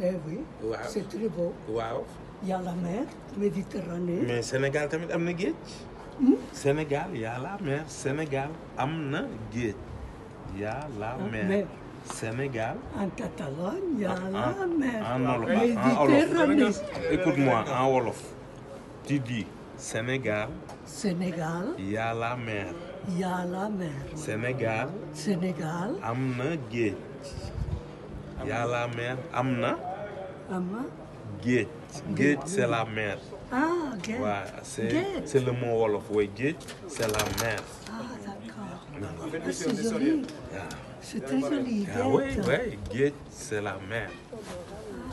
eh oui. Sénégal tamit am na géej. Hmm? Sénégal y a la mer Sénégal am na géej. y la mer. Sénégal. En catalan, il y la ah, ah, mer. wolof, ah, écoute-moi, en wolof. Tu dis Sénégal. Sénégal. Il y a la Am na géej. y'a la mer am na. am na. géej. géej c'est la mer. ah géej waaw wolof waaye géej c'est la mer. Ah, ah, c'est très joli. Ah, c'est la mer.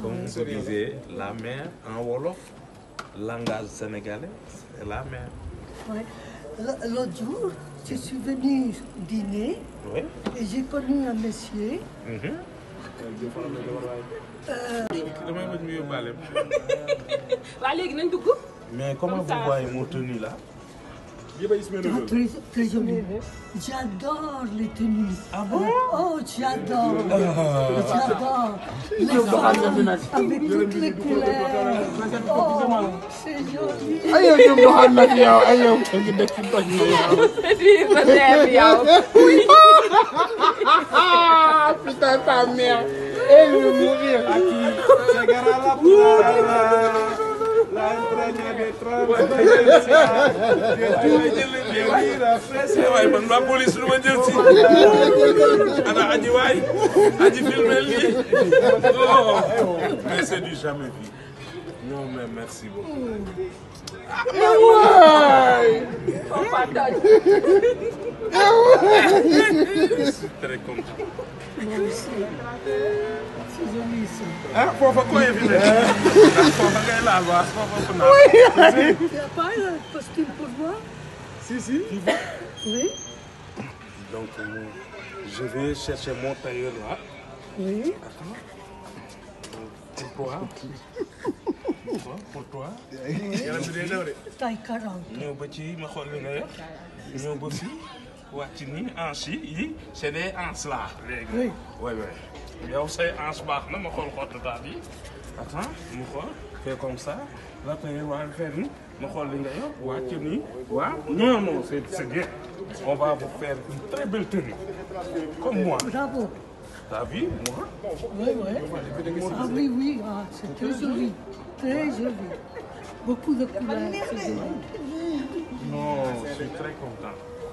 comme vous la mer en wolof langage sénégalais c'est la mer. l'autre jour je suis venue dîner. oui et j'ai connu damay mën mu yóbbaale. waaw léegi nañ dugg. mais comment vous voyez mon tenue là. Ah, très, très joli. J'adore les tenues. Ah bon? Oh, j'adore. Ah. J'adore. Les femmes avec toutes les couleurs. Oh, c'est joli. Ayow, yow doxal nag yow ayow. ngi dëkk ndox mi yow. ta mère et je vais mourir. La entraña de Trump, de man ma police lu ma jël si. ana aji waay aji filmé lii. Oh. mais c'est du jamais vu. non mais merci beaucoup. très content. ah foofa ko invité. ndax foofa ngay laal waaw foofa ku naan. oui. il n'y a pas de costume pour moi. si si. oui. donc je vais chercher mon tailleur là. oui. Attends. pour toi. pour toi. yaram bi day daw de. taille 40. ñëw ba ci ma xool li nga yor. ñëw ba fii. wàcc nii anse yi c'est des anse là léegi oui oui yow say anse baax na ma xool xott daal yi attends mu xool fais comme ça la tey waa faire ni ma xool li nga yor wàcc nii waaw non non c'est c'est bien on va vous faire une très belle tenue comme moi T'as vu, moi Oui, oui. Ah oui, oui, ah, c'est très joli. Très joli. Beaucoup de couleurs. Non, je suis très content.